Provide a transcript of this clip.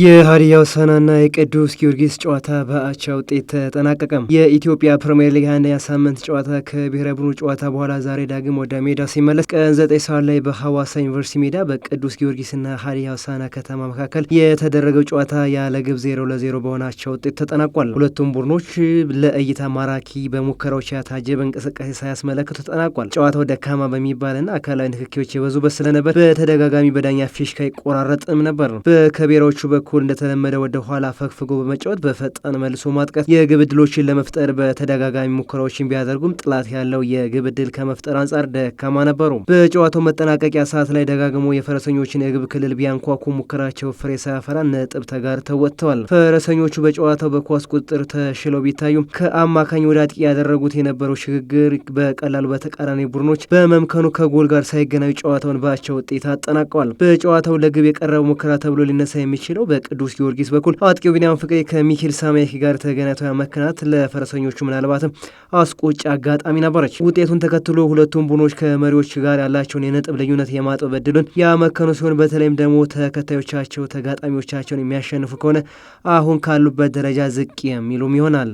የሀዲያ ሆሳዕናና የቅዱስ ጊዮርጊስ ጨዋታ በአቻ ውጤት ተጠናቀቀም። የኢትዮጵያ ፕሪምየር ሊግ አንደኛ ሳምንት ጨዋታ ከብሔራዊ ቡድኑ ጨዋታ በኋላ ዛሬ ዳግም ወደ ሜዳ ሲመለስ ቀን ዘጠኝ ሰዓት ላይ በሐዋሳ ዩኒቨርሲቲ ሜዳ በቅዱስ ጊዮርጊስና ሀዲያ ሆሳዕና ከተማ መካከል የተደረገው ጨዋታ ያለ ግብ ዜሮ ለዜሮ በሆነ አቻ ውጤት ተጠናቋል። ሁለቱም ቡድኖች ለእይታ ማራኪ በሙከራዎች ያታጀበ እንቅስቃሴ ሳያስመለክቱ ተጠናቋል። ጨዋታው ደካማ በሚባልና አካላዊ ንክኪዎች የበዙበት ስለነበር በተደጋጋሚ በዳኛ ፊሽካ ይቆራረጥም ነበር ነው በከቤራዎቹ በኩል እንደተለመደ ወደ ኋላ ፈግፍጎ በመጫወት በፈጣን መልሶ ማጥቃት የግብ ዕድሎችን ለመፍጠር በተደጋጋሚ ሙከራዎችን ቢያደርጉም ጥላት ያለው የግብ ዕድል ከመፍጠር አንጻር ደካማ ነበሩ። በጨዋታው መጠናቀቂያ ሰዓት ላይ ደጋግሞ የፈረሰኞችን የግብ ክልል ቢያንኳኩ ሙከራቸው ፍሬ ሳያፈራ ነጥብ ተጋርተው ወጥተዋል። ፈረሰኞቹ በጨዋታው በኳስ ቁጥጥር ተሽለው ቢታዩም ከአማካኝ ወደ አጥቂ ያደረጉት የነበረው ሽግግር በቀላሉ በተቃራኒ ቡድኖች በመምከኑ ከጎል ጋር ሳይገናኙ ጨዋታውን በአቻ ውጤት አጠናቀዋል። በጨዋታው ለግብ የቀረበው ሙከራ ተብሎ ሊነሳ የሚችለው በቅዱስ ጊዮርጊስ በኩል አጥቂው ቢኒያም ፍቅሬ ከሚኬል ሳሚያኪ ጋር ተገናኝተው ያመከናት ለፈረሰኞቹ ምናልባትም አስቆጭ አጋጣሚ ነበረች። ውጤቱን ተከትሎ ሁለቱም ቡድኖች ከመሪዎች ጋር ያላቸውን የነጥብ ልዩነት የማጥበብ እድሉን ያመከኑ ሲሆን በተለይም ደግሞ ተከታዮቻቸው ተጋጣሚዎቻቸውን የሚያሸንፉ ከሆነ አሁን ካሉበት ደረጃ ዝቅ የሚሉም ይሆናል።